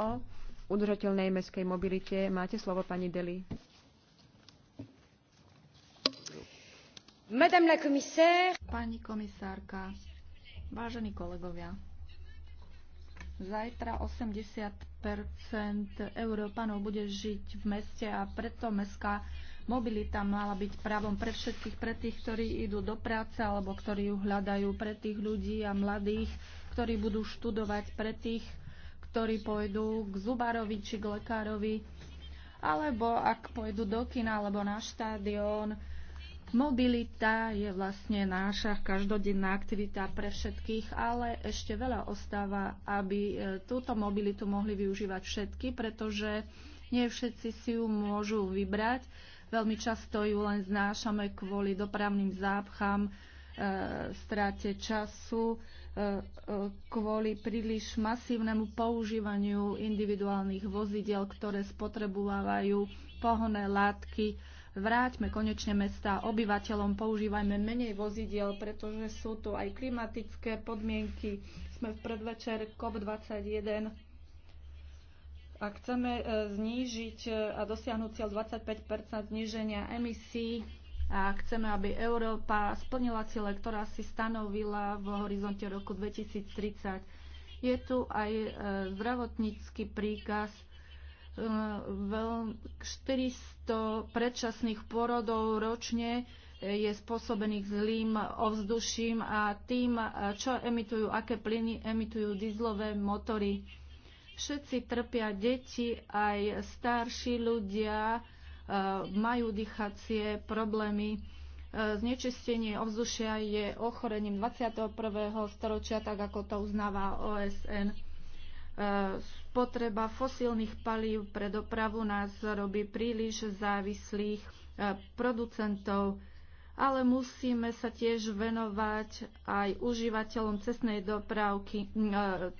o udržateľnej mestskej mobilite. Máte slovo, pani Deli. Madame la commissaire. Pani komisárka, vážení kolegovia, zajtra 80 Európanov bude žiť v meste a preto mestská mobilita mala byť právom pre všetkých, pre tých, ktorí idú do práce alebo ktorí ju hľadajú, pre tých ľudí a mladých, ktorí budú študovať, pre tých, ktorí pôjdu k zubarovi či k lekárovi, alebo ak pôjdu do kina alebo na štádion. Mobilita je vlastne náša každodenná aktivita pre všetkých, ale ešte veľa ostáva, aby e, túto mobilitu mohli využívať všetky, pretože nie všetci si ju môžu vybrať. Veľmi často ju len znášame kvôli dopravným zápcham, e, strate času, E, e, kvôli príliš masívnemu používaniu individuálnych vozidiel, ktoré spotrebovávajú pohonné látky. Vráťme konečne mesta obyvateľom, používajme menej vozidiel, pretože sú tu aj klimatické podmienky. Sme v predvečer COP21. a chceme e, znížiť a dosiahnuť cieľ 25 zníženia emisí, a chceme, aby Európa splnila cieľe, ktorá si stanovila v horizonte roku 2030. Je tu aj e, zdravotnícky príkaz 400 e, predčasných porodov ročne e, je spôsobených zlým ovzduším a tým, čo emitujú, aké plyny emitujú dizlové motory. Všetci trpia deti, aj starší ľudia, Eh, majú dýchacie problémy. Eh, znečistenie ovzdušia je ochorením 21. storočia, tak ako to uznáva OSN. Eh, spotreba fosílnych palív pre dopravu nás robí príliš závislých producentov, ale musíme sa tiež venovať aj užívateľom cestnej dopravky,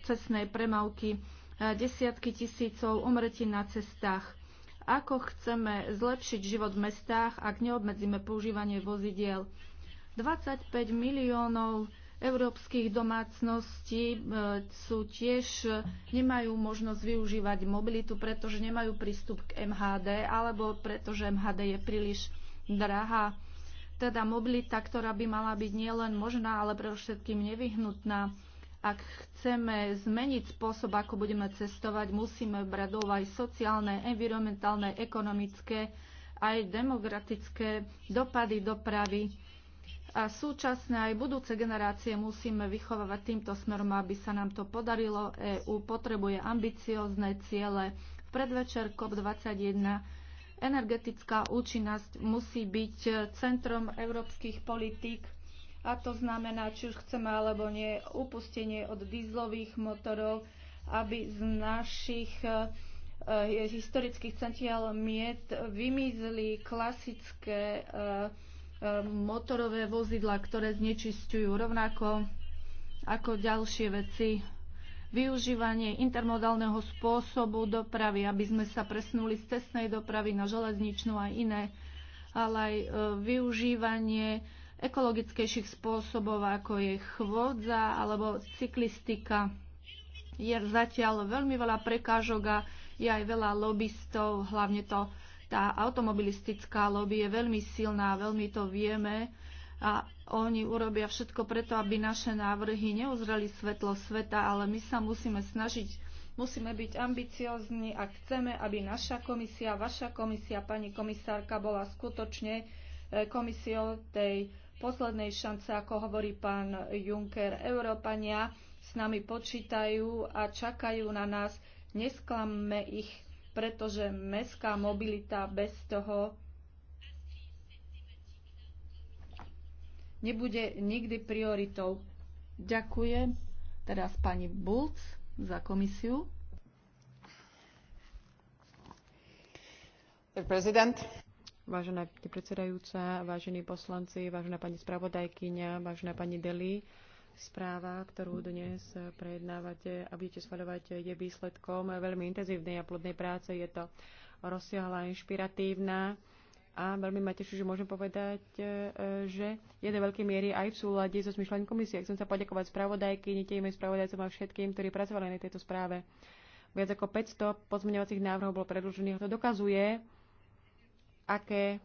cestnej premávky, desiatky tisícov umretí na cestách. Ako chceme zlepšiť život v mestách, ak neobmedzíme používanie vozidiel? 25 miliónov európskych domácností e, sú tiež, e, nemajú možnosť využívať mobilitu, pretože nemajú prístup k MHD alebo pretože MHD je príliš drahá. Teda mobilita, ktorá by mala byť nielen možná, ale pre všetkým nevyhnutná. Ak chceme zmeniť spôsob, ako budeme cestovať, musíme brať do aj sociálne, environmentálne, ekonomické, aj demokratické dopady dopravy. A súčasné aj budúce generácie musíme vychovávať týmto smerom, aby sa nám to podarilo. EÚ potrebuje ambiciozne ciele. V predvečer COP21 energetická účinnosť musí byť centrom európskych politík a to znamená, či už chceme alebo nie, upustenie od dízlových motorov, aby z našich e, historických centiál miet vymizli klasické e, motorové vozidla, ktoré znečisťujú rovnako ako ďalšie veci. Využívanie intermodálneho spôsobu dopravy, aby sme sa presnuli z cestnej dopravy na železničnú a iné, ale aj využívanie ekologickejších spôsobov, ako je chvodza alebo cyklistika. Je zatiaľ veľmi veľa prekážok a je aj veľa lobbystov, hlavne to tá automobilistická lobby je veľmi silná, veľmi to vieme a oni urobia všetko preto, aby naše návrhy neuzreli svetlo sveta, ale my sa musíme snažiť, musíme byť ambiciozni a chceme, aby naša komisia, vaša komisia, pani komisárka bola skutočne eh, komisiou tej poslednej šance, ako hovorí pán Juncker. Európania s nami počítajú a čakajú na nás. Nesklamme ich, pretože mestská mobilita bez toho nebude nikdy prioritou. Ďakujem. Teraz pani Bulc za komisiu. Prezident. Vážená pani predsedajúca, vážení poslanci, vážená pani spravodajkyňa, vážená pani Deli, správa, ktorú dnes prejednávate a budete schvaľovať, je výsledkom veľmi intenzívnej a plodnej práce. Je to rozsiahla, inšpiratívna a veľmi ma teší, že môžem povedať, e, že je do veľkej miery aj v súlade so zmyšľaním komisie. Chcem sa poďakovať spravodajky, netejme spravodajcom a všetkým, ktorí pracovali na tejto správe. Viac ako 500 pozmeňovacích návrhov bolo predložených a to dokazuje, aké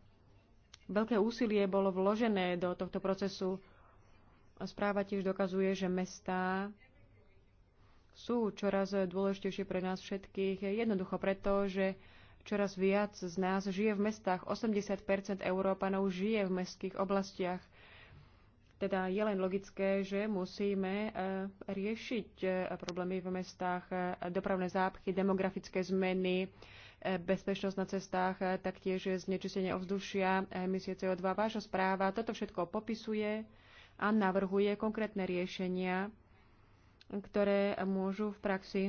veľké úsilie bolo vložené do tohto procesu. Správa tiež dokazuje, že mestá sú čoraz dôležitejšie pre nás všetkých. Jednoducho preto, že čoraz viac z nás žije v mestách. 80 Európanov žije v mestských oblastiach. Teda je len logické, že musíme e, riešiť e, problémy v mestách, e, dopravné zápchy, demografické zmeny, bezpečnosť na cestách, taktiež znečistenie ovzdušia, emisie CO2. Váša správa toto všetko popisuje a navrhuje konkrétne riešenia, ktoré môžu v praxi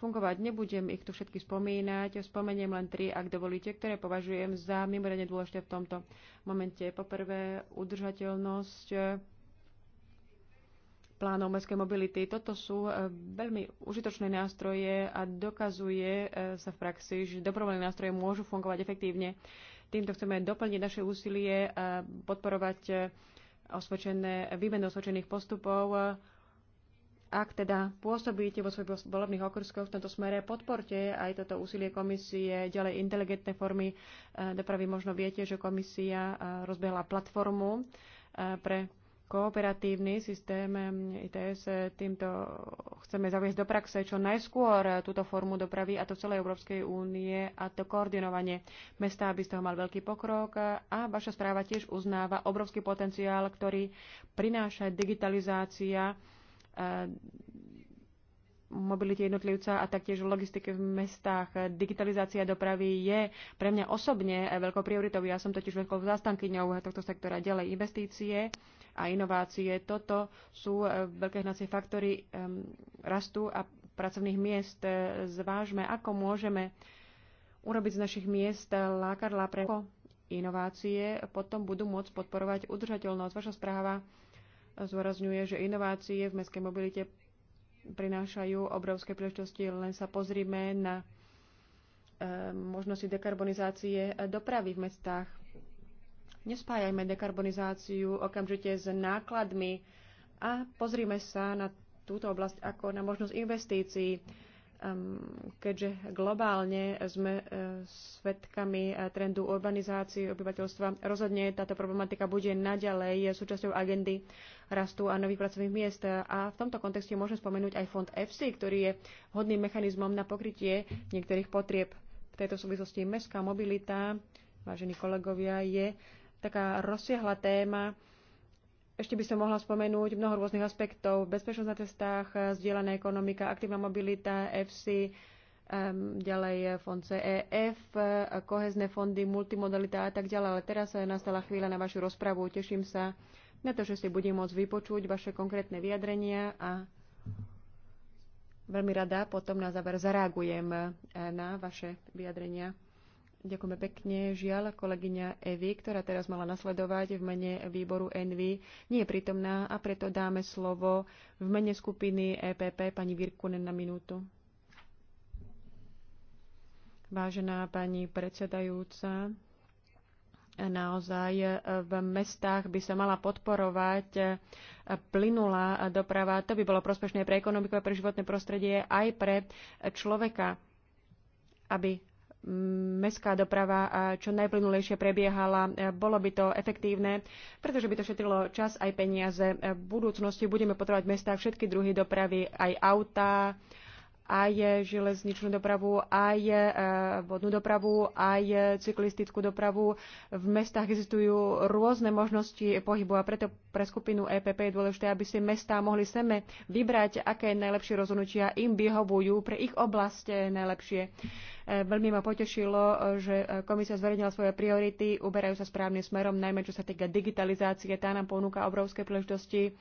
fungovať. Nebudem ich tu všetky spomínať, spomeniem len tri, ak dovolíte, ktoré považujem za mimoriadne dôležité v tomto momente. Poprvé, udržateľnosť plánov mestskej mobility. Toto sú eh, veľmi užitočné nástroje a dokazuje eh, sa v praxi, že dobrovoľné nástroje môžu fungovať efektívne. Týmto chceme doplniť naše úsilie a podporovať eh, osvedčené, výmenu osvedčených postupov ak teda pôsobíte vo svojich volebných okrskoch v tomto smere, podporte aj toto úsilie komisie, ďalej inteligentné formy e, dopravy. Možno viete, že komisia e, rozbehla platformu e, pre kooperatívny systém ITS. Týmto chceme zaviesť do praxe čo najskôr túto formu dopravy a to v celej Európskej únie a to koordinovanie mesta, aby z toho mal veľký pokrok. A vaša správa tiež uznáva obrovský potenciál, ktorý prináša digitalizácia mobilite jednotlivca a taktiež v logistike v mestách. Digitalizácia dopravy je pre mňa osobne veľkou prioritou. Ja som totiž veľkou zastankyňou tohto sektora. Ďalej investície a inovácie. Toto sú e, veľké hnacie faktory e, rastu a pracovných miest. E, zvážme, ako môžeme urobiť z našich miest lákadla pre inovácie, potom budú môcť podporovať udržateľnosť. Vaša správa zvorazňuje, že inovácie v mestskej mobilite prinášajú obrovské príležitosti. Len sa pozrime na e, možnosti dekarbonizácie dopravy v mestách. Nespájajme dekarbonizáciu okamžite s nákladmi a pozrime sa na túto oblasť ako na možnosť investícií keďže globálne sme e, svedkami e, trendu urbanizácie obyvateľstva, rozhodne táto problematika bude naďalej súčasťou agendy rastu a nových pracovných miest. A v tomto kontexte môžem spomenúť aj fond EFSI, ktorý je vhodným mechanizmom na pokrytie niektorých potrieb. V tejto súvislosti mestská mobilita, vážení kolegovia, je taká rozsiahla téma, ešte by som mohla spomenúť mnoho rôznych aspektov. Bezpečnosť na cestách, eh, zdieľaná ekonomika, aktívna mobilita, FC, ehm, ďalej eh, fond CEF, eh, kohezné fondy, multimodalita a tak ďalej. Ale teraz nastala chvíľa na vašu rozpravu. Teším sa na to, že si budem môcť vypočuť vaše konkrétne vyjadrenia a veľmi rada potom na záver zareagujem na vaše vyjadrenia. Ďakujeme pekne. Žiaľ, kolegyňa Evy, ktorá teraz mala nasledovať v mene výboru Envy, nie je prítomná a preto dáme slovo v mene skupiny EPP pani Virkunen na minútu. Vážená pani predsedajúca, naozaj v mestách by sa mala podporovať plynulá doprava. To by bolo prospešné pre ekonomiku a pre životné prostredie aj pre človeka, aby mestská doprava čo najplynulejšie prebiehala. E, bolo by to efektívne, pretože by to šetrilo čas aj peniaze. E, v budúcnosti budeme potrebovať mesta všetky druhy dopravy, aj autá, aj železničnú dopravu, aj e, vodnú dopravu, aj cyklistickú dopravu. V mestách existujú rôzne možnosti pohybu a preto pre skupinu EPP je dôležité, aby si mestá mohli seme vybrať, aké najlepšie rozhodnutia im vyhovujú pre ich oblast najlepšie. E, veľmi ma potešilo, že komisia zverejnila svoje priority, uberajú sa správnym smerom, najmä čo sa týka digitalizácie, tá nám ponúka obrovské príležitosti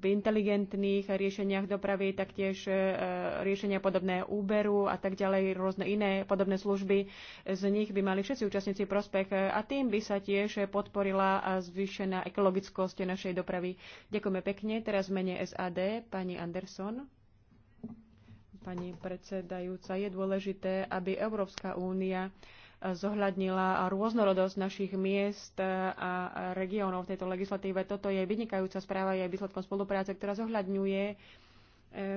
v inteligentných riešeniach dopravy, taktiež e, riešenia podobné Uberu a tak ďalej, rôzne iné podobné služby. Z nich by mali všetci účastníci prospech e, a tým by sa tiež podporila a zvýšená ekologickosť našej dopravy. Ďakujeme pekne. Teraz mene SAD, pani Anderson. Pani predsedajúca, je dôležité, aby Európska únia zohľadnila rôznorodosť našich miest a regiónov v tejto legislatíve. Toto je vynikajúca správa, je výsledkom spolupráce, ktorá zohľadňuje e,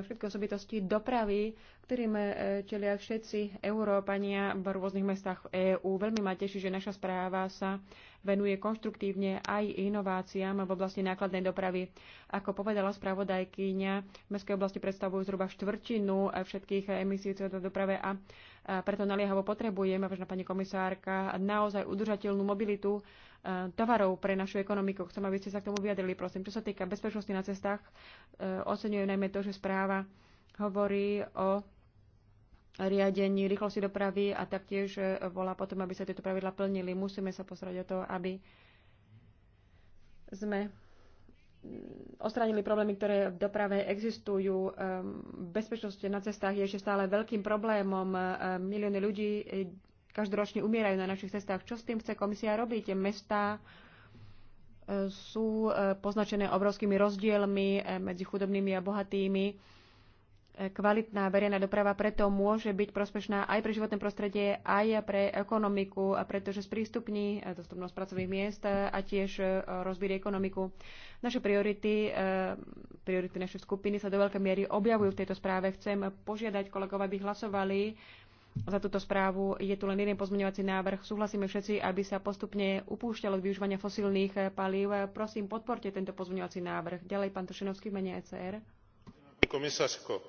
všetky osobitosti dopravy, ktorým e, čelia všetci Európania v rôznych mestách EÚ. Veľmi ma teší, že naša správa sa venuje konštruktívne aj inováciám v oblasti nákladnej dopravy. Ako povedala spravodajkyňa, mestskej oblasti predstavujú zhruba štvrtinu všetkých emisí CO2 doprave a preto naliehavo potrebujeme, vážna pani komisárka, naozaj udržateľnú mobilitu e, tovarov pre našu ekonomiku. Chcem, aby ste sa k tomu vyjadrili, prosím. Čo sa týka bezpečnosti na cestách, e, oceňujem najmä to, že správa hovorí o riadení rýchlosti dopravy a taktiež volá e, potom, aby sa tieto pravidla plnili. Musíme sa posrať o to, aby sme mm, ostranili problémy, ktoré v doprave existujú. Ehm, bezpečnosť na cestách je ešte stále veľkým problémom. Ehm, milióny ľudí e, každoročne umierajú na našich cestách. Čo s tým chce komisia robiť? Mestá e, sú poznačené obrovskými rozdielmi medzi chudobnými a bohatými kvalitná verejná doprava preto môže byť prospešná aj pre životné prostredie, aj pre ekonomiku, pretože sprístupní e, dostupnosť pracovných miest e, a tiež e, rozbíri ekonomiku. Naše priority, priority našej skupiny sa do veľkej miery objavujú v tejto správe. Chcem požiadať kolegov, aby hlasovali za túto správu. Je tu len jeden pozmeňovací návrh. Súhlasíme všetci, aby sa postupne upúšťalo od využívania fosílnych palív. Prosím, podporte tento pozmeňovací návrh. Ďalej, pán Tošenovský, mene ECR. Komisárko,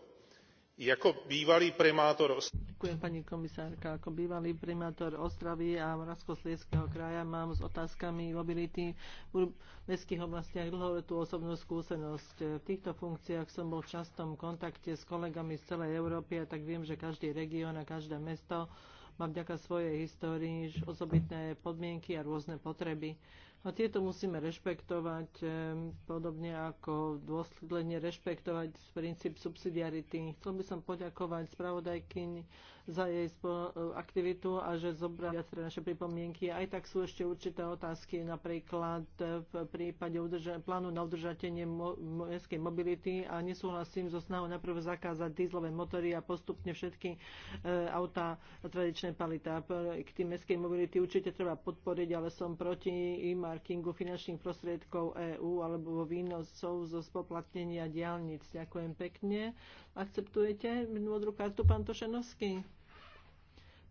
bývalý primátor Ďakujem pani komisárka. Ako bývalý primátor Ostravy a Moravskoslieckého kraja mám s otázkami mobility v mestských oblastiach dlholetú osobnú skúsenosť. V týchto funkciách som bol v častom kontakte s kolegami z celej Európy a tak viem, že každý región a každé mesto má vďaka svojej histórii osobitné podmienky a rôzne potreby. A tieto musíme rešpektovať, eh, podobne ako dôsledne rešpektovať princíp subsidiarity. Chcel by som poďakovať spravodajkyni za jej aktivitu a že zobrali viaceré naše pripomienky. Aj tak sú ešte určité otázky, napríklad v prípade plánu na udržatenie mestskej mobility a nesúhlasím so snahou najprv zakázať dýzlové motory a postupne všetky e, autá tradičné palita. K tým mestskej mobility určite treba podporiť, ale som proti e-markingu finančných prostriedkov EÚ alebo výnosov zo spoplatnenia diálnic. Ďakujem pekne. Akceptujete modrú kartu, pán Tošenovský?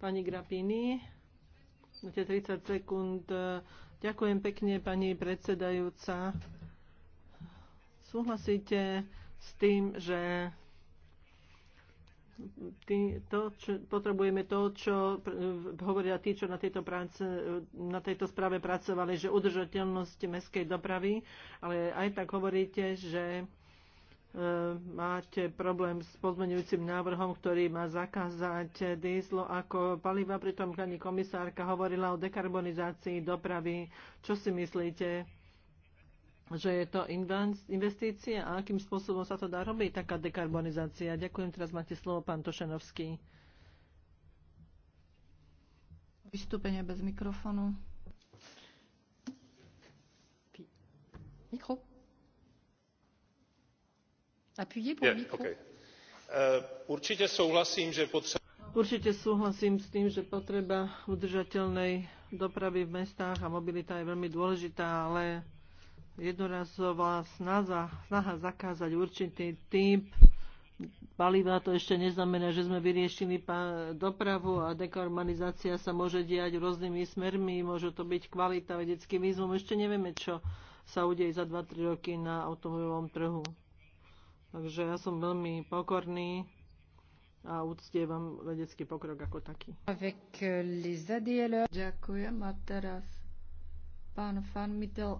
Pani Grapini, máte 30 sekúnd. Ďakujem pekne, pani predsedajúca. Súhlasíte s tým, že to, čo, potrebujeme to, čo hovoria tí, čo na tejto, práce, na tejto správe pracovali, že udržateľnosť mestskej dopravy, ale aj tak hovoríte, že máte problém s pozmeňujúcim návrhom, ktorý má zakázať dieslo ako paliva, pritom pani komisárka hovorila o dekarbonizácii dopravy. Čo si myslíte? že je to investícia a akým spôsobom sa to dá robiť, taká dekarbonizácia. Ďakujem, teraz máte slovo pán Tošenovský. Vystúpenie bez mikrofónu. Mikro. Eh, určite súhlasím s tým že potreba udržateľnej dopravy v mestách a mobilita je veľmi dôležitá ale jednorazová snaha, zakázať určitý typ paliva to ešte neznamená že sme vyriešili dopravu a dekarbonizácia sa môže diať rôznymi smermi môže to byť kvalita vedecký výzvum ešte nevieme čo sa udeje za 2-3 roky na automobilovom trhu. Takže ja som veľmi pokorný a uctievam vedecký pokrok ako taký. Eh, Ďakujem a teraz pán Van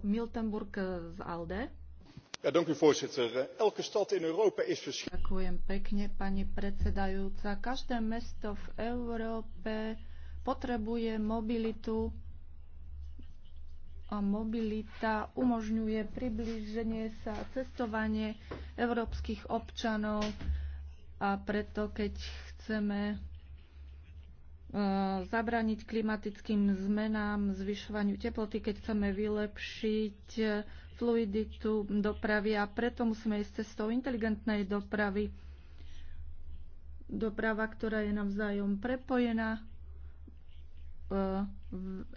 Miltenburg eh, z ALDE. Ja, eh, Elke stad in Europa is Ďakujem pekne, pani predsedajúca. Každé mesto v Európe potrebuje mobilitu mobilita umožňuje približenie sa cestovanie európskych občanov a preto, keď chceme e, zabraniť klimatickým zmenám, zvyšovaniu teploty, keď chceme vylepšiť e, fluiditu dopravy a preto musíme ísť cestou inteligentnej dopravy. Doprava, ktorá je navzájom prepojená,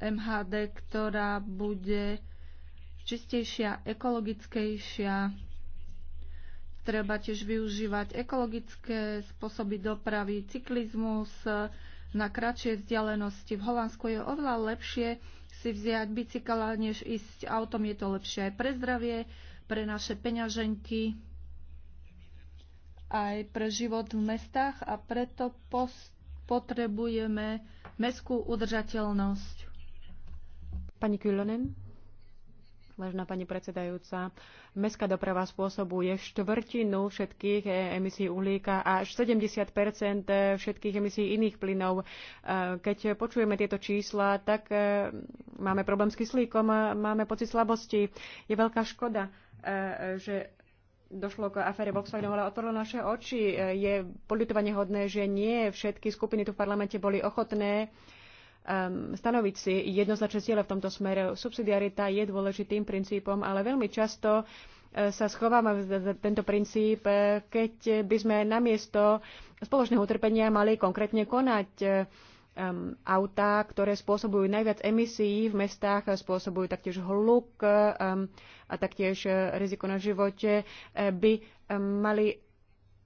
MHD, ktorá bude čistejšia, ekologickejšia. Treba tiež využívať ekologické spôsoby dopravy, cyklizmus na kratšie vzdialenosti. V Holandsku je oveľa lepšie si vziať bicykla, než ísť autom. Je to lepšie aj pre zdravie, pre naše peňaženky, aj pre život v mestách a preto potrebujeme mestskú udržateľnosť. Pani Kylonen, vážená pani predsedajúca, mestská doprava spôsobuje štvrtinu všetkých eh, emisí uhlíka a až 70 eh, všetkých emisí iných plynov. Eh, keď počujeme tieto čísla, tak máme problém s kyslíkom, máme pocit slabosti. Je veľká škoda, že došlo k afére Volkswagenu, ale otvorilo naše oči. E, je politovanie hodné, že nie všetky skupiny tu v parlamente boli ochotné um, stanoviť si jednoznačné ciele v tomto smere. Subsidiarita je dôležitým princípom, ale veľmi často e, sa schováme za tento princíp, e, keď by sme namiesto spoločného utrpenia mali konkrétne konať um, autá, ktoré spôsobujú najviac emisií v mestách, spôsobujú taktiež hluk um, a taktiež e, riziko na živote, e, by um, mali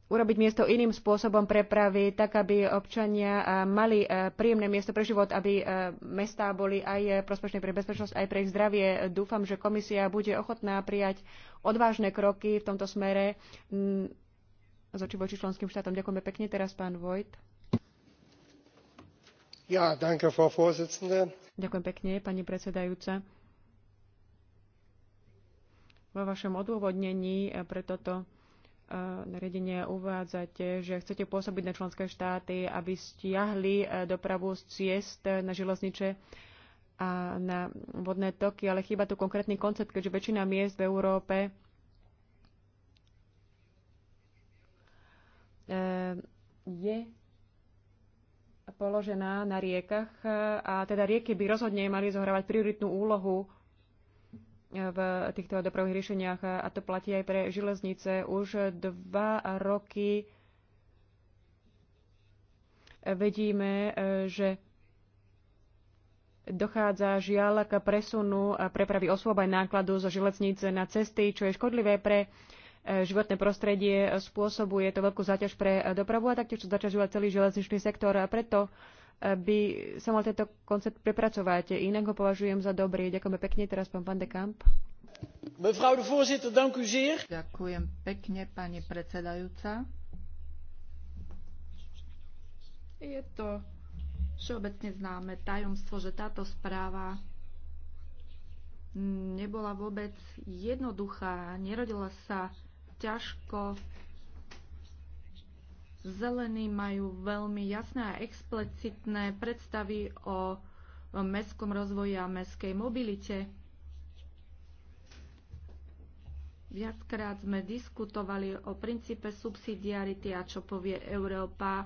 urobiť miesto iným spôsobom prepravy, tak aby občania e, mali príjemné miesto pre život, aby mestá boli aj prospešné pre bezpečnosť, aj pre ich zdravie. Dúfam, že komisia bude ochotná prijať odvážne kroky v tomto smere z voči členským štátom. Ďakujeme pekne. Teraz pán Vojt. Ďakujem pekne, pani predsedajúca. Vo vašom odôvodnení pre toto eh, nariadenie uvádzate, že chcete pôsobiť na členské štáty, aby stiahli eh, dopravu z ciest eh, na železniče a na vodné toky, ale chýba tu konkrétny koncept, keďže väčšina miest v Európe je položená na riekach e, a teda rieky by rozhodne mali zohrávať prioritnú úlohu e, v týchto dopravných riešeniach a to platí aj pre železnice. Už dva roky vedíme, e, že dochádza žiaľ k presunu prepravy osôb aj nákladu zo železnice na cesty, čo je škodlivé pre uh, E, životné prostredie, spôsobuje to veľkú záťaž pre e, dopravu a taktiež to zaťažuje celý železničný sektor a preto e, by sa mal tento koncept prepracovať. Inak ho považujem za dobrý. Ďakujeme pekne. Teraz pán Van de Kamp. Ďakujem pekne, pani predsedajúca. Je to všeobecne známe tajomstvo, že táto správa nebola vôbec jednoduchá, nerodila sa ťažko. Zelení majú veľmi jasné a explicitné predstavy o mestskom rozvoji a mestskej mobilite. Viackrát sme diskutovali o princípe subsidiarity a čo povie Európa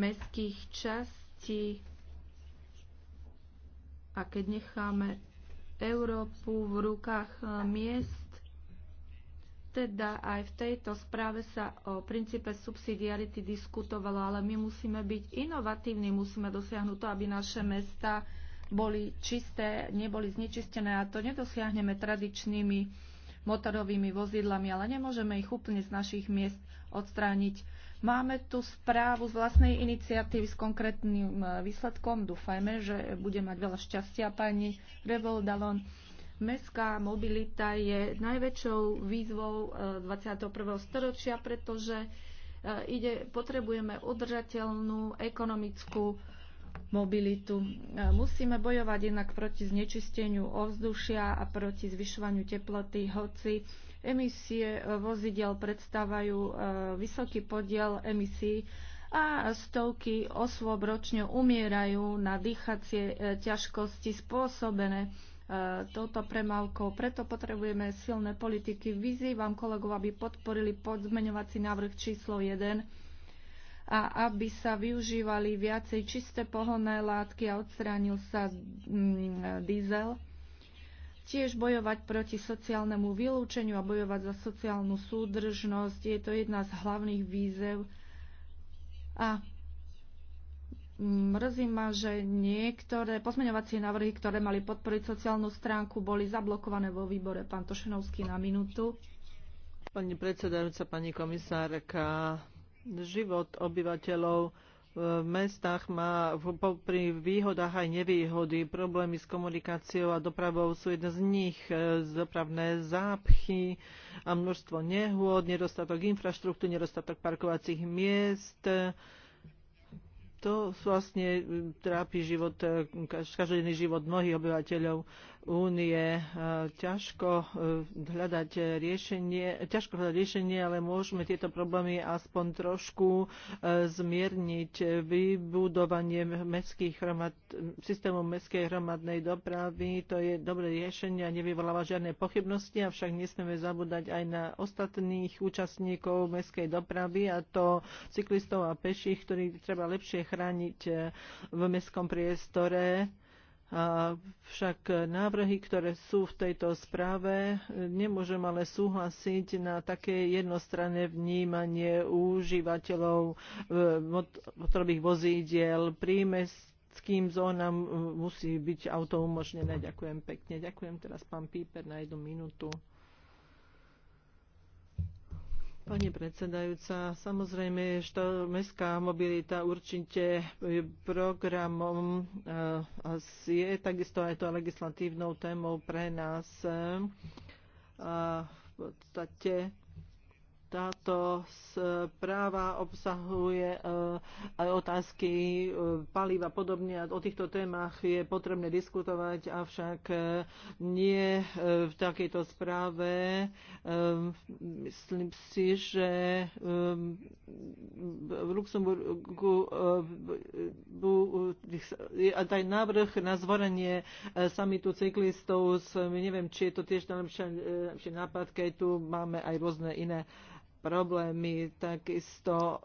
mestských častí. A keď necháme Európu v rukách miest, teda aj v tejto správe sa o princípe subsidiarity diskutovalo, ale my musíme byť inovatívni, musíme dosiahnuť to, aby naše mesta boli čisté, neboli znečistené a to nedosiahneme tradičnými motorovými vozidlami, ale nemôžeme ich úplne z našich miest odstrániť. Máme tu správu z vlastnej iniciatívy s konkrétnym e, výsledkom. Dúfajme, že bude mať veľa šťastia pani Revoldalon. Mestská mobilita je najväčšou výzvou 21. E, storočia, pretože e, ide, potrebujeme udržateľnú ekonomickú mobilitu. E, musíme bojovať inak proti znečisteniu ovzdušia a proti zvyšovaniu teploty, hoci emisie vozidel predstavajú vysoký podiel emisí a stovky osôb ročne umierajú na dýchacie ťažkosti spôsobené E, touto premávkou. Preto potrebujeme silné politiky. Vyzývam kolegov, aby podporili podzmeňovací návrh číslo 1 a aby sa využívali viacej čisté pohonné látky a odstránil sa mm, diesel. Tiež bojovať proti sociálnemu vylúčeniu a bojovať za sociálnu súdržnosť je to jedna z hlavných výzev. A Mrzí ma, že niektoré pozmeňovacie návrhy, ktoré mali podporiť sociálnu stránku, boli zablokované vo výbore. Pán Tošenovský na minútu. Pani predsedajúca, pani komisárka, život obyvateľov v mestách má pri výhodách aj nevýhody. Problémy s komunikáciou a dopravou sú jedna z nich. E, dopravné zápchy a množstvo nehôd, nedostatok infraštruktúry, nedostatok parkovacích miest, to vlastne mm, trápi život, e, každodenný život mnohých obyvateľov únie. E, ťažko e, hľadať riešenie, ťažko hľadať riešenie, ale môžeme tieto problémy aspoň trošku e, zmierniť. Vybudovanie mestských hromad, systému mestskej hromadnej dopravy, to je dobré riešenie a nevyvoláva žiadne pochybnosti, avšak nesmieme zabúdať aj na ostatných účastníkov mestskej dopravy a to cyklistov a peších, ktorí treba lepšie chrániť v mestskom priestore však návrhy, ktoré sú v tejto správe, nemôžem ale súhlasiť na také jednostranné vnímanie užívateľov e, motorových vozídiel. Prímeským zónam e, musí byť auto umožnené. Ďakujem pekne. Ďakujem teraz pán Píper na jednu minútu. Pani predsedajúca, samozrejme, že mestská mobilita určite programom eh, je takisto aj to legislatívnou témou pre nás. A v podstate táto správa obsahuje eh, aj otázky eh, a podobne a o týchto témach je potrebné diskutovať, avšak eh, nie v takejto správe. Myslím si, že v Luxemburgu je aj návrh na zvorenie samitu cyklistov. Neviem, či je to tiež najlepšie najlepší nápad, keď tu máme aj rôzne iné problémy, takisto eh,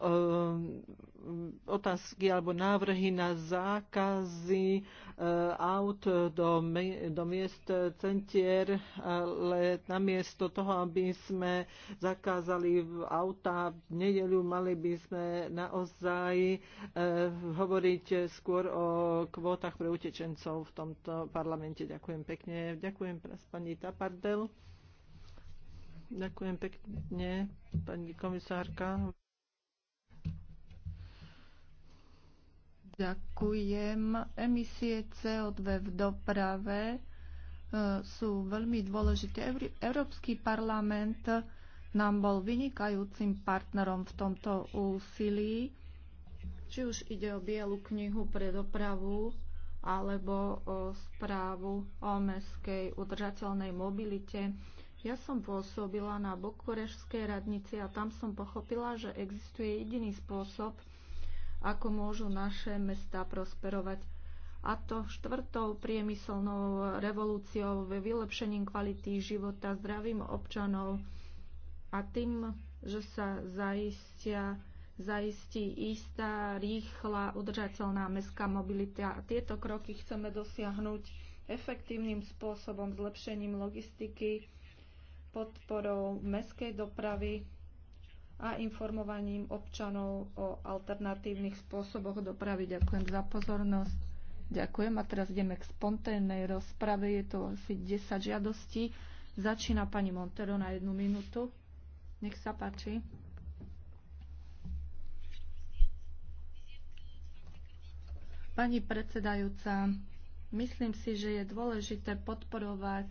otázky alebo návrhy na zákazy eh, aut do, do miest centier, ale namiesto toho, aby sme zakázali auta v nedeľu, mali by sme naozaj eh, hovoriť skôr o kvótach pre utečencov v tomto parlamente. Ďakujem pekne. Ďakujem pani Tapardel. Ďakujem pekne, pani komisárka. Ďakujem. Emisie CO2 v doprave e, sú veľmi dôležité. Európsky parlament nám bol vynikajúcim partnerom v tomto úsilí, či už ide o Bielu knihu pre dopravu alebo o správu o meskej udržateľnej mobilite. Ja som pôsobila na Bokorešskej radnici a tam som pochopila, že existuje jediný spôsob, ako môžu naše mesta prosperovať. A to štvrtou priemyselnou revolúciou, vylepšením kvality života, zdravím občanov a tým, že sa zaistia, zaistí istá, rýchla, udržateľná mestská mobilita. A tieto kroky chceme dosiahnuť efektívnym spôsobom, zlepšením logistiky, podporou mestskej dopravy a informovaním občanov o alternatívnych spôsoboch dopravy. Ďakujem za pozornosť. Ďakujem a teraz ideme k spontánnej rozprave. Je to asi 10 žiadostí. Začína pani Montero na jednu minútu. Nech sa páči. Pani predsedajúca, myslím si, že je dôležité podporovať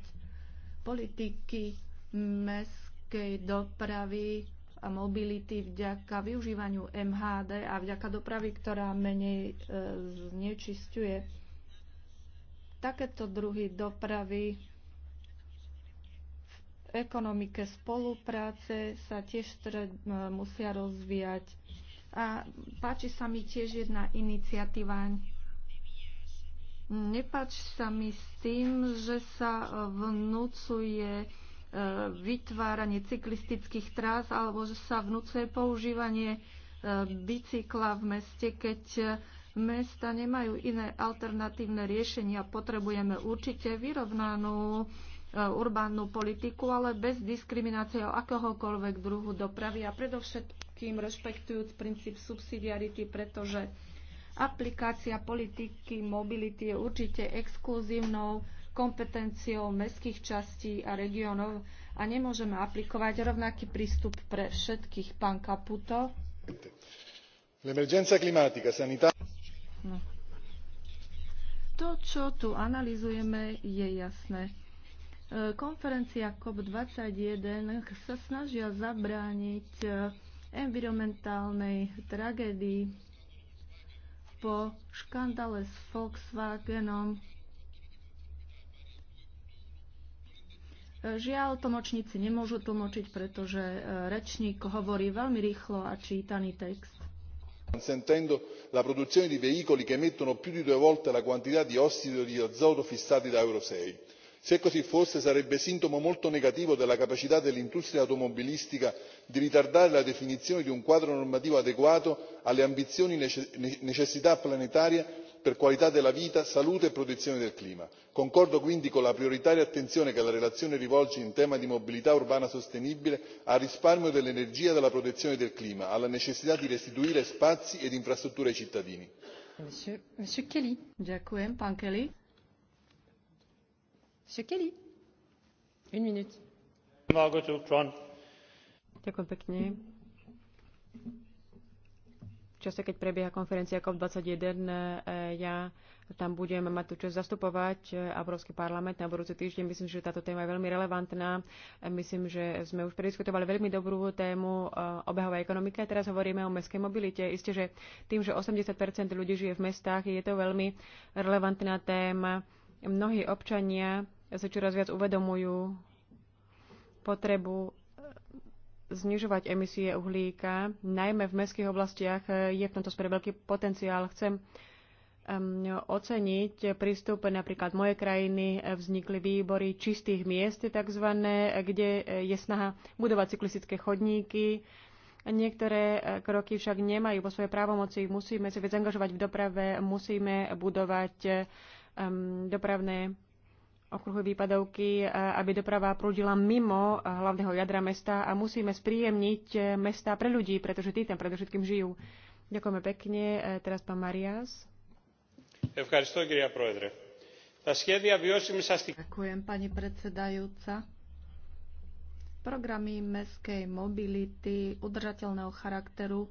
politiky mestskej dopravy a mobility vďaka využívaniu MHD a vďaka dopravy, ktorá menej e, znečisťuje. Takéto druhy dopravy v ekonomike spolupráce sa tiež e, musia rozvíjať. A páči sa mi tiež jedna iniciatíva. Nepáči sa mi s tým, že sa e, vnúcuje E, vytváranie cyklistických trás alebo že sa vnúcuje používanie e, bicykla v meste, keď e, mesta nemajú iné alternatívne riešenia. Potrebujeme určite vyrovnanú urbánnu politiku, ale bez diskriminácie o akéhokoľvek druhu dopravy a predovšetkým rešpektujúc princíp subsidiarity, pretože aplikácia politiky mobility je určite exkluzívnou kompetenciou mestských častí a regiónov a nemôžeme aplikovať rovnaký prístup pre všetkých. Pán Kaputo. No. To, čo tu analizujeme, je jasné. E, konferencia COP21 sa snažia zabrániť e, environmentálnej tragédii po škandále s Volkswagenom Žiaľ, tlmočníci nemôžu tlmočiť, pretože e, rečník hovorí veľmi rýchlo a čítaný text. Consentendo la produzione di veicoli che emettono più di due volte la quantità di ossido di azoto fissati da Euro 6. Se così fosse sarebbe sintomo molto negativo della capacità dell'industria automobilistica di ritardare la definizione di un quadro normativo adeguato alle ambizioni necessità planetaria per qualità della vita salute e protezione del clima. concordo quindi con la prioritaria attenzione che la relazione rivolge in tema di mobilità urbana sostenibile al risparmio dell'energia e alla protezione del clima alla necessità di restituire spazi ed infrastrutture ai cittadini v čase, keď prebieha konferencia COP21, e, ja tam budem mať tú čas zastupovať e, Európsky parlament na budúci týždeň. Myslím, že táto téma je veľmi relevantná. E, myslím, že sme už prediskutovali veľmi dobrú tému obehová ekonomika. Teraz hovoríme o mestskej mobilite. Isté, že tým, že 80 ľudí žije v mestách, je to veľmi relevantná téma. Mnohí občania sa čoraz viac uvedomujú potrebu znižovať emisie uhlíka, najmä v mestských oblastiach eh, je v tomto smere veľký potenciál. Chcem oceniť prístup napríklad mojej krajiny, eh, vznikli výbory čistých miest tzv., eh, kde je snaha budovať cyklistické chodníky. Niektoré kroky však nemajú po svojej právomoci. Musíme sa viac angažovať v doprave, musíme budovať dopravné okruhu výpadovky, e, aby doprava prúdila mimo e, hlavného jadra mesta a musíme spríjemniť e, mesta pre ľudí, pretože tí tam predovšetkým žijú. Ďakujeme pekne. Teraz pán Marias. Ďakujem, pani predsedajúca. Programy mestskej mobility udržateľného charakteru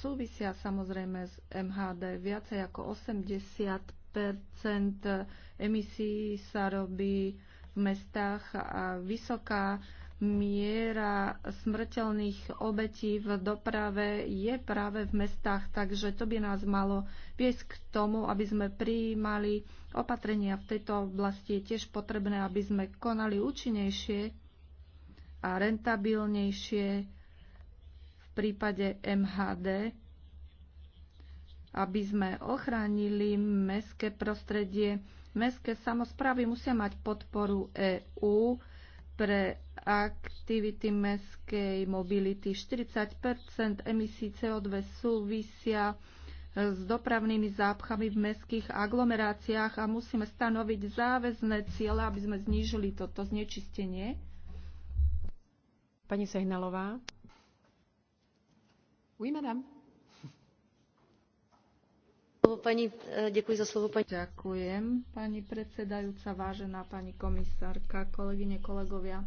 súvisia samozrejme s MHD. Viacej ako 80 emisí sa robí v mestách a vysoká miera smrteľných obetí v doprave je práve v mestách, takže to by nás malo viesť k tomu, aby sme prijímali opatrenia v tejto oblasti. Je tiež potrebné, aby sme konali účinnejšie a rentabilnejšie v prípade MHD aby sme ochránili mestské prostredie. Mestské samozprávy musia mať podporu EÚ pre aktivity mestskej mobility. 40 emisí CO2 súvisia s dopravnými zápchami v mestských aglomeráciách a musíme stanoviť záväzné ciele, aby sme znížili toto znečistenie. Pani Sehnalová. Oui, madame. E, ďakujem pani. predsedajúca, vážená pani komisárka, kolegyne, kolegovia.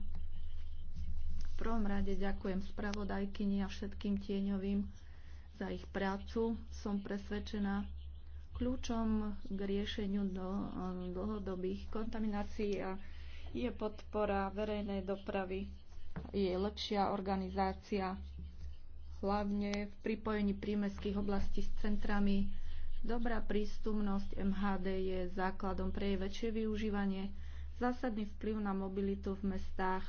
V prvom rade ďakujem spravodajkyni a všetkým tieňovým za ich prácu. Som presvedčená, kľúčom k riešeniu e, dlhodobých kontaminácií a je podpora verejnej dopravy, je lepšia organizácia, hlavne v pripojení prímeských oblastí s centrami Dobrá prístupnosť MHD je základom pre jej väčšie využívanie. Zásadný vplyv na mobilitu v mestách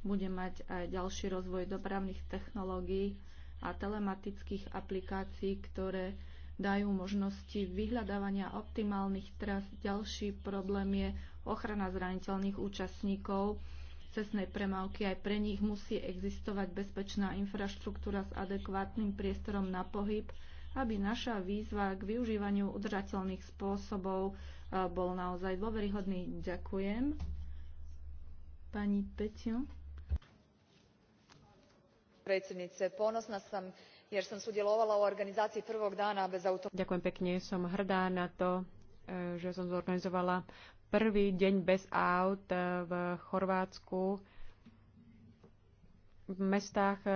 bude mať aj ďalší rozvoj dopravných technológií a telematických aplikácií, ktoré dajú možnosti vyhľadávania optimálnych tras. Ďalší problém je ochrana zraniteľných účastníkov cestnej premávky. Aj pre nich musí existovať bezpečná infraštruktúra s adekvátnym priestorom na pohyb aby naša výzva k využívaniu udržateľných spôsobov eh, bol naozaj dôveryhodný. Ďakujem. Pani Peťo. Predsednice, ponosná som, jer som sudelovala o organizácii prvog dana bez auto... Ďakujem pekne, som hrdá na to, eh, že som zorganizovala prvý deň bez aut eh, v Chorvátsku v mestách e,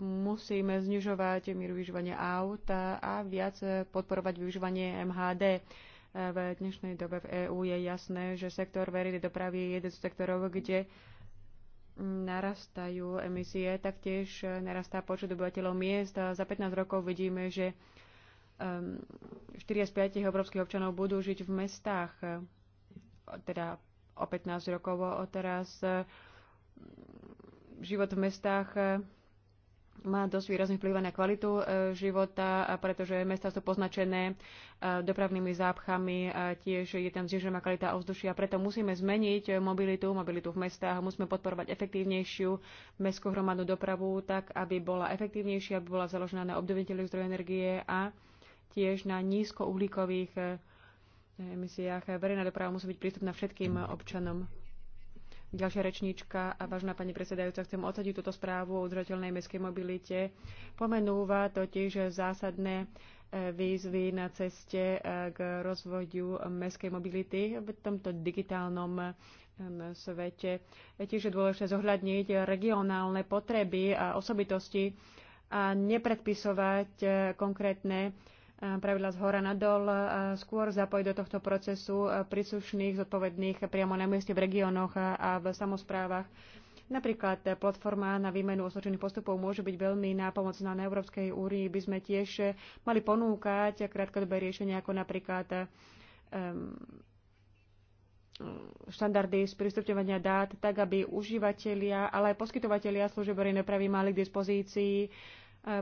musíme znižovať mieru využívania aut a viac podporovať využívanie MHD. E, v dnešnej dobe v EÚ je jasné, že sektor verejnej dopravy je jeden z sektorov, kde narastajú emisie, taktiež narastá počet obyvateľov miest. Za 15 rokov vidíme, že 4 z 5 európskych občanov budú žiť v mestách, teda o 15 rokov od teraz život v mestách e, má dosť výrazný vplyv na kvalitu e, života, pretože mesta sú poznačené e, dopravnými zápchami, tiež je tam znižená kvalita ovzdušia, preto musíme zmeniť mobilitu, mobilitu v mestách, musíme podporovať efektívnejšiu mestskú hromadnú dopravu, tak aby bola efektívnejšia, aby bola založená na obnoviteľných zdrojov energie a tiež na nízkouhlíkových emisiách. Verejná doprava musí byť prístupná všetkým občanom. Ďalšia rečníčka a vážna pani predsedajúca, chcem oceniť túto správu o udržateľnej mestskej mobilite. Pomenúva totiž zásadné e, výzvy na ceste e, k rozvoju mestskej mobility v tomto digitálnom e, svete. Tiež dôležité zohľadniť regionálne potreby a osobitosti a nepredpisovať konkrétne E, pravidla z hora nadol, e, skôr zapojiť do tohto procesu e, príslušných zodpovedných priamo na mieste v regiónoch a v samozprávach. Napríklad platforma na výmenu osločených postupov môže byť veľmi nápomocná na Európskej úrii. By sme tiež mali ponúkať krátkodobé riešenia ako napríklad um, štandardy sprístupňovania dát, tak aby užívateľia, ale aj poskytovateľia služieb verejnej mali k dispozícii uh,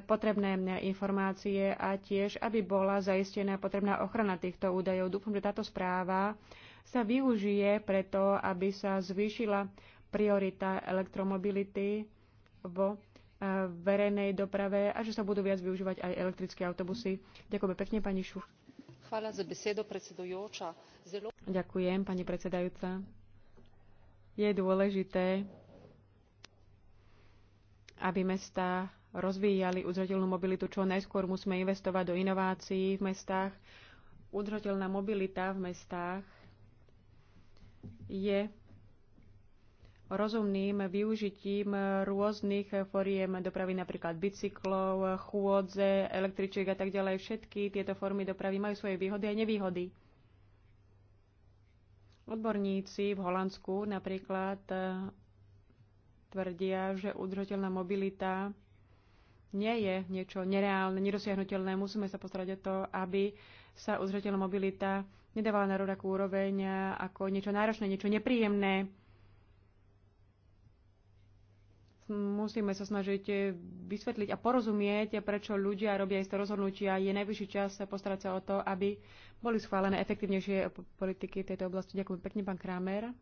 potrebné informácie a tiež, aby bola zaistená potrebná ochrana týchto údajov. Dúfam, že táto správa sa využije preto, aby sa zvýšila priorita elektromobility vo e, verejnej doprave a že sa budú viac využívať aj elektrické autobusy. Ďakujeme pekne, pani Šuch. Ďakujem, pani predsedajúca. Je dôležité, aby mesta rozvíjali udržateľnú mobilitu čo najskôr. Musíme investovať do inovácií v mestách. Udržateľná mobilita v mestách je rozumným využitím rôznych foriem dopravy, napríklad bicyklov, chôdze, električiek a tak ďalej. Všetky tieto formy dopravy majú svoje výhody a nevýhody. Odborníci v Holandsku napríklad tvrdia, že udržateľná mobilita nie je niečo nereálne, nedosiahnutelné. Musíme sa postarať o to, aby sa uzretelná mobilita nedávala na rovnakú úroveň ako niečo náročné, niečo nepríjemné. Musíme sa snažiť vysvetliť a porozumieť, prečo ľudia robia isté rozhodnutia. Je najvyšší čas postarať sa o to, aby boli schválené efektívnejšie politiky v tejto oblasti. Ďakujem pekne, pán Kramer.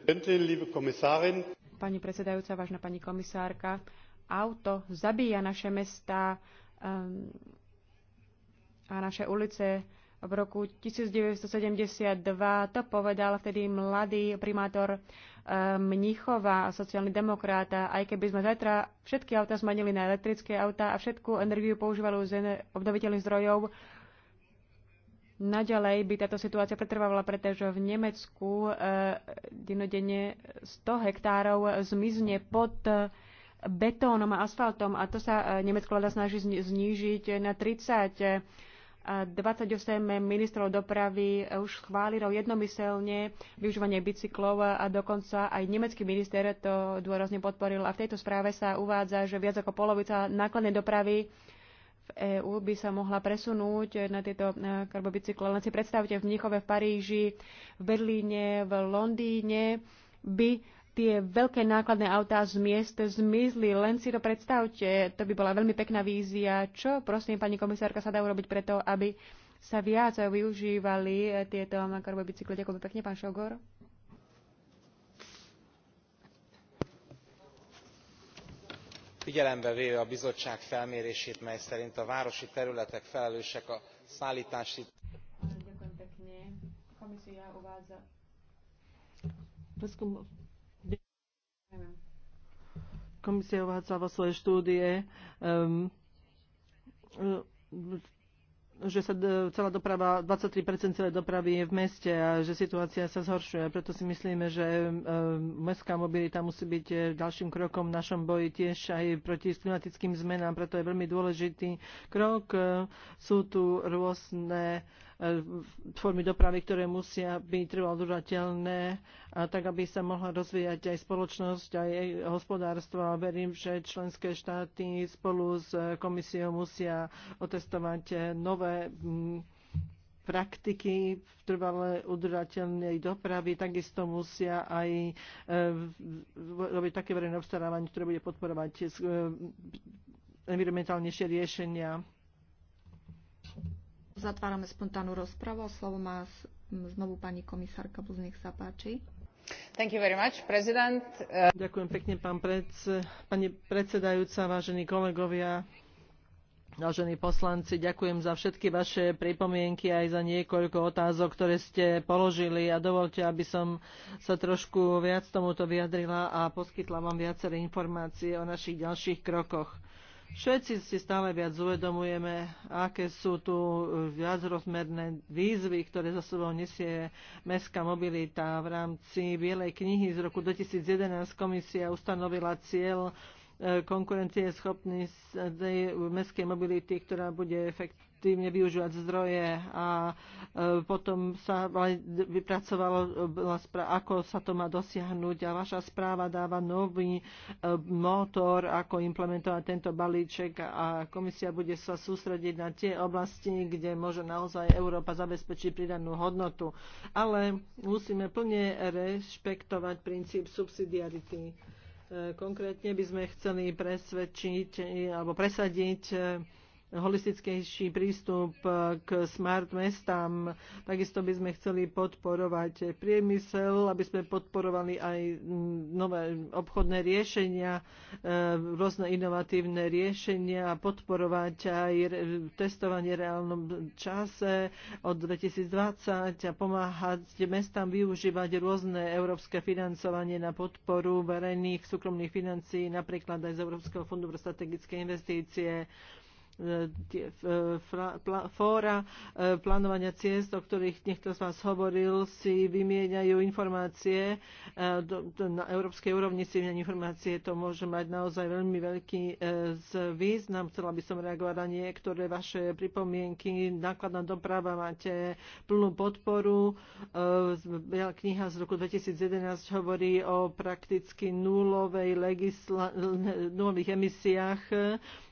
präsidentin liebe kommissarin! pani predsedajúca, vážna pani komisárka. Auto zabíja naše mesta um, a naše ulice. V roku 1972 to povedal vtedy mladý primátor ehm, Mnichova, sociálny demokrát. Aj keby sme zajtra všetky auta zmanili na elektrické auta a všetku energiu používali z obnoviteľných zdrojov, Naďalej by táto situácia pretrvávala, pretože v Nemecku uh, dennodenne 100 hektárov zmizne pod eh, betónom a asfaltom a to sa eh, Nemecko hľada snaží znížiť na 30. 28 ministrov dopravy už chválilo jednomyselne využívanie bicyklov a dokonca aj nemecký minister to dôrazne podporil. A v tejto správe sa uvádza, že viac ako polovica nákladnej dopravy v EÚ by sa mohla presunúť na tieto e, karbobicykle. Len si predstavte, v Mnichove, v Paríži, v Berlíne, v Londýne by tie veľké nákladné autá z miest zmizli. Len si to predstavte, to by bola veľmi pekná vízia. Čo, prosím, pani komisárka, sa dá urobiť preto, aby sa viac využívali tieto karbobicykle? Ďakujem pekne, pán Šogor. figyelembe véve a bizottság felmérését mely szerint a városi területek felelősek a szálltási. komisia uvádza vo svojej štúdie ehm, e, že sa e, celá doprava, 23% celej dopravy je v meste a že situácia sa zhoršuje. Preto si myslíme, že e, mestská mobilita musí byť e, ďalším krokom v našom boji tiež aj proti klimatickým zmenám. Preto je veľmi dôležitý krok. Sú tu rôzne E, formy dopravy, ktoré musia byť trvalo udržateľné, a tak aby sa mohla rozvíjať aj spoločnosť, aj hospodárstvo. A verím, že členské štáty spolu s komisiou musia otestovať e, nové praktiky v trvale udržateľnej dopravy takisto musia aj e, robiť také verejné obstarávanie, ktoré bude podporovať environmentálnejšie riešenia. Zatvárame spontánnu rozpravu. Slovo má znovu pani komisárka Buz, nech sa páči. Thank you very much, president. Ďakujem pekne, pán predse, pani predsedajúca, vážení kolegovia, vážení poslanci. Ďakujem za všetky vaše pripomienky aj za niekoľko otázok, ktoré ste položili a dovolte, aby som sa trošku viac tomuto vyjadrila a poskytla vám viaceré informácie o našich ďalších krokoch. Všetci si stále viac uvedomujeme, aké sú tu viacrozmerné výzvy, ktoré za sebou nesie mestská mobilita. V rámci Bielej knihy z roku 2011 komisia ustanovila cieľ e, konkurencie schopnej mestskej mobility, ktorá bude efektívna efektívne využívať zdroje a e, potom sa vypracovalo, e, ako sa to má dosiahnuť a vaša správa dáva nový e, motor, ako implementovať tento balíček a komisia bude sa sústrediť na tie oblasti, kde môže naozaj Európa zabezpečiť pridanú hodnotu. Ale musíme plne rešpektovať princíp subsidiarity. Konkrétne by sme chceli presvedčiť alebo presadiť holistickejší prístup eh, k smart mestám. Takisto by sme chceli podporovať priemysel, aby sme podporovali aj mm, nové obchodné riešenia, eh, rôzne inovatívne riešenia a podporovať aj testovanie v reálnom čase od 2020 a pomáhať mestám využívať rôzne európske financovanie na podporu verejných súkromných financií, napríklad aj z Európskeho fondu pre strategické investície. E, fóra e, plánovania ciest, o ktorých niekto z vás hovoril, si vymieňajú informácie. E, na európskej úrovni si vymieňajú informácie. To môže mať naozaj veľmi veľký význam. Chcela by som reagovať na niektoré vaše pripomienky. Nákladná doprava máte plnú podporu. Kniha z roku 2011 hovorí o prakticky nulovej legisla- nulových emisiách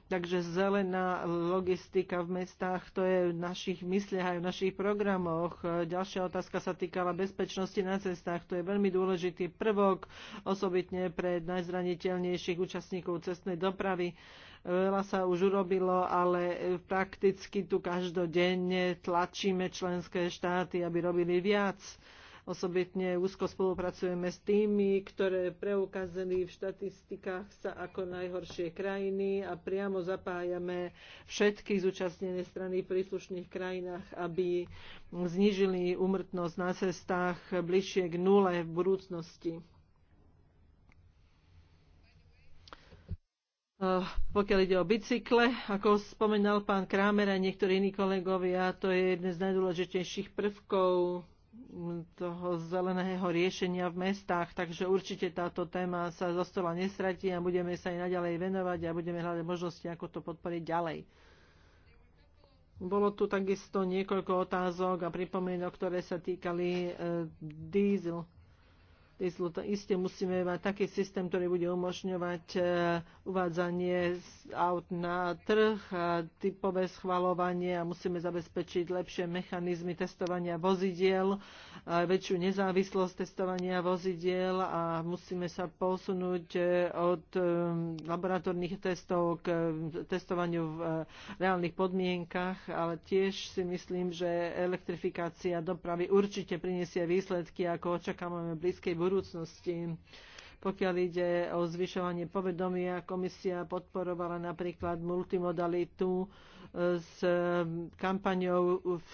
Takže zelená logistika v mestách, to je v našich mysliach aj v našich programoch. Ďalšia otázka sa týkala bezpečnosti na cestách. To je veľmi dôležitý prvok, osobitne pre najzraniteľnejších účastníkov cestnej dopravy. Veľa sa už urobilo, ale prakticky tu každodenne tlačíme členské štáty, aby robili viac Osobitne úzko spolupracujeme s tými, ktoré preukázali v štatistikách sa ako najhoršie krajiny a priamo zapájame všetky zúčastnené strany v príslušných krajinách, aby znížili umrtnosť na cestách bližšie k nule v budúcnosti. Eh, pokiaľ ide o bicykle, ako spomenal pán Krámer a niektorí iní kolegovia, to je jeden z najdôležitejších prvkov toho zeleného riešenia v mestách, takže určite táto téma sa zo stola nesratí a budeme sa aj naďalej venovať a budeme hľadať možnosti, ako to podporiť ďalej. Bolo tu takisto niekoľko otázok a pripomienok, ktoré sa týkali e, diesel Isté musíme mať taký systém, ktorý bude umožňovať e, uvádzanie aut na trh, typové schvalovanie a musíme zabezpečiť lepšie mechanizmy testovania vozidiel, väčšiu nezávislosť testovania vozidiel a musíme sa posunúť e, od e, laboratórnych testov k testovaniu v reálnych podmienkach, ale tiež si myslím, že elektrifikácia dopravy určite priniesie výsledky, ako očakávame v blízkej budúcnosti budúcnosti. Pokiaľ ide o zvyšovanie povedomia, komisia podporovala napríklad multimodalitu e, s e, kampaňou v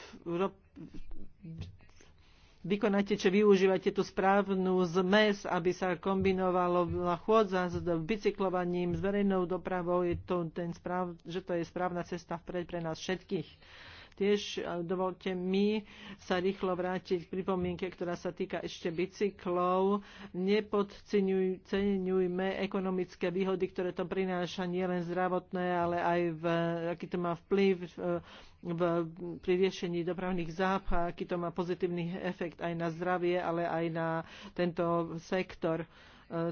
vykonajte, či využívate tú správnu zmes, aby sa kombinovalo chôdza s bicyklovaním, s verejnou dopravou, je to ten správ, že to je správna cesta vpred pre nás všetkých. Tiež e, dovolte mi sa rýchlo vrátiť k pripomienke, ktorá sa týka ešte bicyklov. Nepodceňujme ekonomické výhody, ktoré to prináša nielen zdravotné, ale aj v, aký to má vplyv e, v, pri riešení dopravných záp, aký to má pozitívny efekt aj na zdravie, ale aj na tento sektor. E,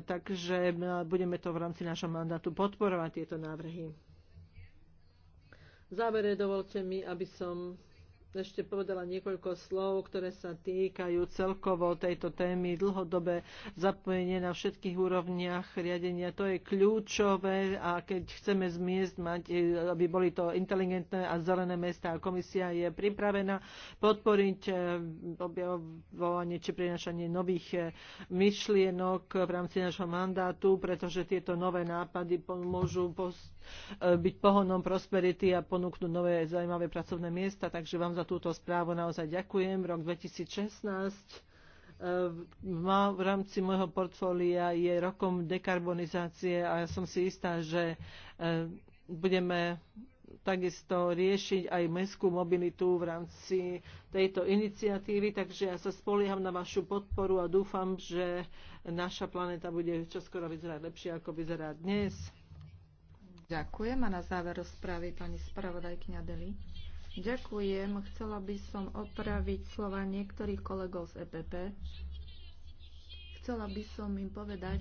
takže budeme to v rámci nášho mandátu podporovať tieto návrhy závere dovolte mi, aby som ešte povedala niekoľko slov, ktoré sa týkajú celkovo tejto témy, dlhodobé zapojenie na všetkých úrovniach riadenia. To je kľúčové a keď chceme z miest mať, e, aby boli to inteligentné a zelené mesta a komisia je pripravená podporiť e, objavovanie či prinašanie nových e, myšlienok v rámci našho mandátu, pretože tieto nové nápady môžu byť pohonom prosperity a ponúknuť nové zaujímavé pracovné miesta. Takže vám za za túto správu naozaj ďakujem. Rok 2016 eh, v rámci môjho portfólia je rokom dekarbonizácie a ja som si istá, že eh, budeme takisto riešiť aj mestskú mobilitu v rámci tejto iniciatívy, takže ja sa spolieham na vašu podporu a dúfam, že naša planéta bude čoskoro vyzerať lepšie, ako vyzerá dnes. Ďakujem a na záver rozprávy pani spravodajkňa Deli. Ďakujem. Chcela by som opraviť slova niektorých kolegov z EPP. Chcela by som im povedať,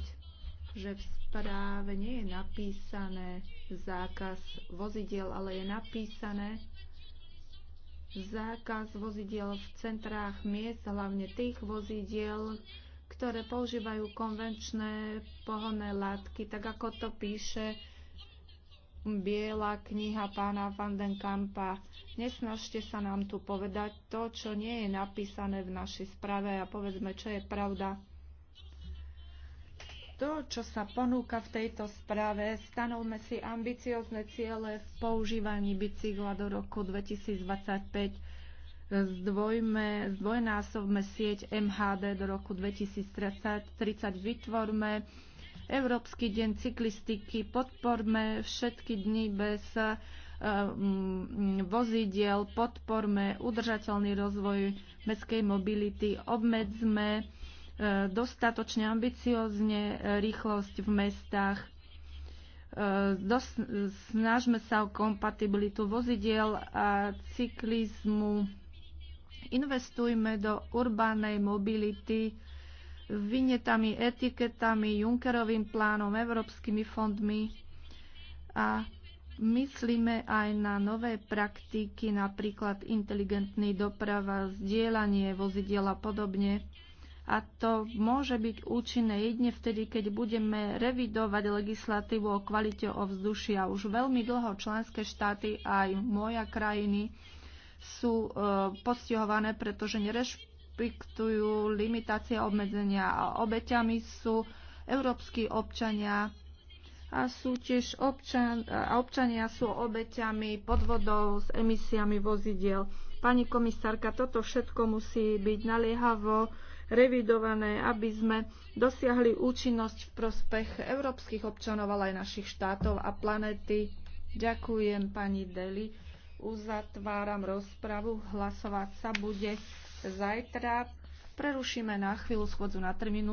že v správe nie je napísané zákaz vozidiel, ale je napísané zákaz vozidiel v centrách miest, hlavne tých vozidiel, ktoré používajú konvenčné pohonné látky, tak ako to píše biela kniha pána Van den Kampa. Nesnažte sa nám tu povedať to, čo nie je napísané v našej správe a povedzme, čo je pravda. To, čo sa ponúka v tejto správe, stanovme si ambiciozne ciele v používaní bicykla do roku 2025. Zdvojme, zdvojnásobme sieť MHD do roku 2030, vytvorme Európsky deň cyklistiky. Podporme všetky dni bez eh, mm, vozidiel, podporme udržateľný rozvoj mestskej mobility, obmedzme eh, dostatočne ambiciozne eh, rýchlosť v mestách, snažme sa o kompatibilitu vozidiel a cyklizmu, investujme do urbanej mobility, vynetami etiketami, Junckerovým plánom, európskymi fondmi a myslíme aj na nové praktiky, napríklad inteligentný doprava, zdieľanie vozidiel a podobne. A to môže byť účinné jedne vtedy, keď budeme revidovať legislatívu o kvalite ovzdušia. Už veľmi dlho členské štáty, aj moja krajiny, sú e, postihované, pretože nerešpektujú rešpektujú limitácie obmedzenia a obeťami sú európsky občania a sú tiež občan, občania sú obeťami podvodov s emisiami vozidiel. Pani komisárka, toto všetko musí byť naliehavo revidované, aby sme dosiahli účinnosť v prospech európskych občanov, ale aj našich štátov a planéty. Ďakujem pani Deli. Uzatváram rozpravu. Hlasovať sa bude Zajtra prerušíme na chvíľu schôdzu na 3 minúty.